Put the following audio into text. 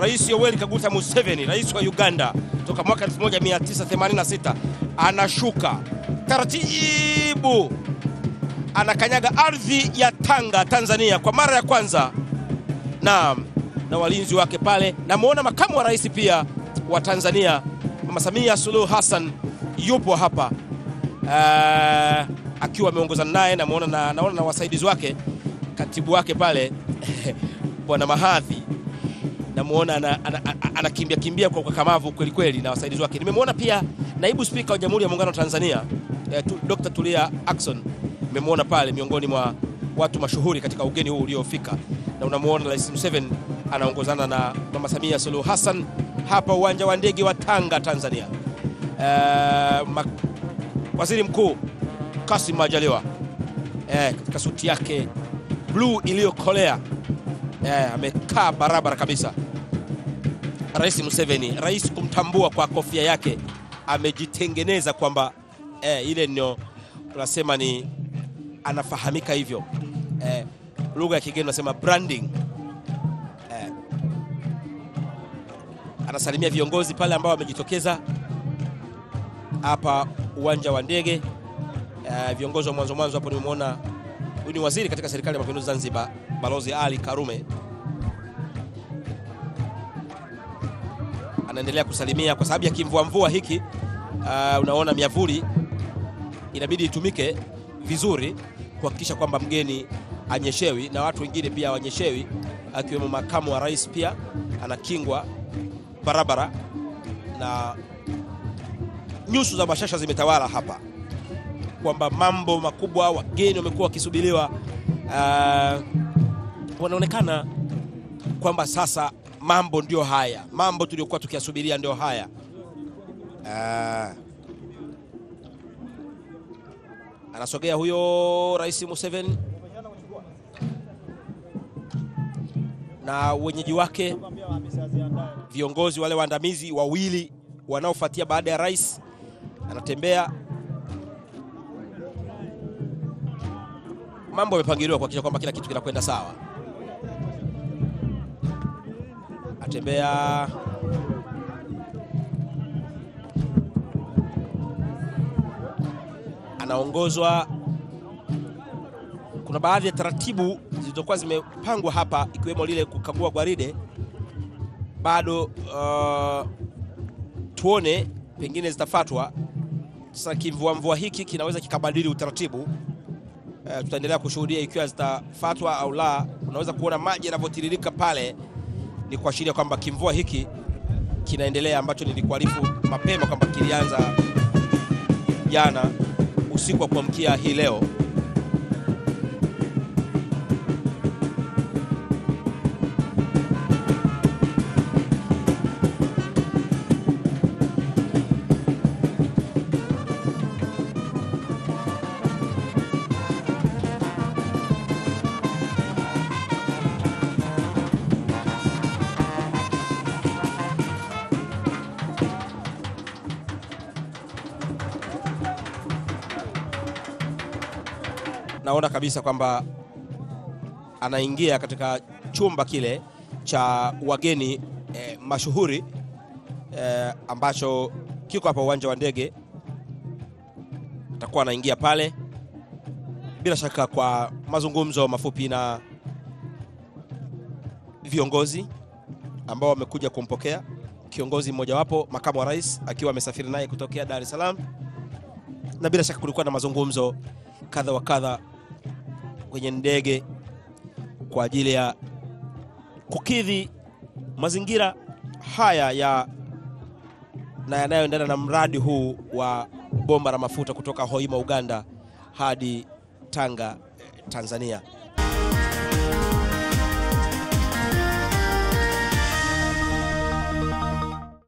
Rais Yoweri Kaguta Museveni, rais wa Uganda toka mwaka 1986 anashuka taratibu, anakanyaga ardhi ya Tanga, Tanzania kwa mara ya kwanza na, na walinzi wake pale. Namwona makamu wa rais pia wa Tanzania Mama Samia Suluhu Hassan yupo hapa uh, akiwa ameongozana naye, namuona na, naona na wasaidizi wake, katibu wake pale bwana Mahadhi namuona anakimbia kimbia kwa ukakamavu kweli kweli na wasaidizi wake. Nimemwona pia naibu spika wa Jamhuri ya Muungano wa Tanzania eh, tu, Dr. Tulia Ackson nimemwona pale miongoni mwa watu mashuhuri katika ugeni huu uliofika, na unamuona Rais Museveni anaongozana na Mama Samia Suluhu Hassan hapa uwanja wa ndege wa Tanga, Tanzania. Eh, ma, waziri mkuu Kassim Majaliwa eh, katika suti yake bluu iliyokolea eh, ame kukaa barabara kabisa. Rais Museveni, rais kumtambua kwa kofia yake, amejitengeneza kwamba eh, ile ndio unasema ni anafahamika hivyo eh, lugha ya kigeni unasema branding eh. Anasalimia viongozi pale ambao wamejitokeza hapa uwanja wa ndege eh, viongozi wa mwanzo mwanzo hapo nimemwona huyu ni waziri katika serikali ya mapinduzi Zanzibar, Balozi Ali Karume anaendelea kusalimia kwa sababu ya kimvua mvua hiki. Uh, unaona miavuli inabidi itumike vizuri kuhakikisha kwamba mgeni anyeshewi na watu wengine pia wanyeshewi, akiwemo makamu wa rais pia anakingwa barabara, na nyuso za bashasha zimetawala hapa kwamba mambo makubwa, wageni wamekuwa wakisubiriwa. Uh, wanaonekana kwamba sasa mambo ndio haya, mambo tuliyokuwa tukiyasubiria ndio haya. Aa, ah. anasogea huyo Rais Museveni na wenyeji wake viongozi wale waandamizi wawili wanaofuatia baada ya rais, anatembea. Mambo yamepangiliwa kuhakikisha kwamba kila kitu kinakwenda sawa. anatembea anaongozwa. Kuna baadhi ya taratibu zilizokuwa zimepangwa hapa, ikiwemo lile kukagua gwaride bado. Uh, tuone pengine zitafatwa. Sasa kimvua mvua hiki kinaweza kikabadili utaratibu uh, tutaendelea kushuhudia ikiwa zitafatwa au la. Unaweza kuona maji yanavyotiririka pale ni kuashiria kwamba kimvua hiki kinaendelea ambacho nilikuarifu mapema kwamba kilianza jana usiku wa kuamkia hii leo. naona kabisa kwamba anaingia katika chumba kile cha wageni eh, mashuhuri eh, ambacho kiko hapa uwanja wa ndege. Atakuwa anaingia pale bila shaka kwa mazungumzo mafupi na viongozi ambao wamekuja kumpokea kiongozi mmojawapo, makamu wa rais, akiwa amesafiri naye kutokea Dar es Salaam, na bila shaka kulikuwa na mazungumzo kadha wa kadha kwenye ndege kwa ajili ya kukidhi mazingira haya ya na yanayoendana na mradi huu wa bomba la mafuta kutoka Hoima Uganda hadi Tanga Tanzania.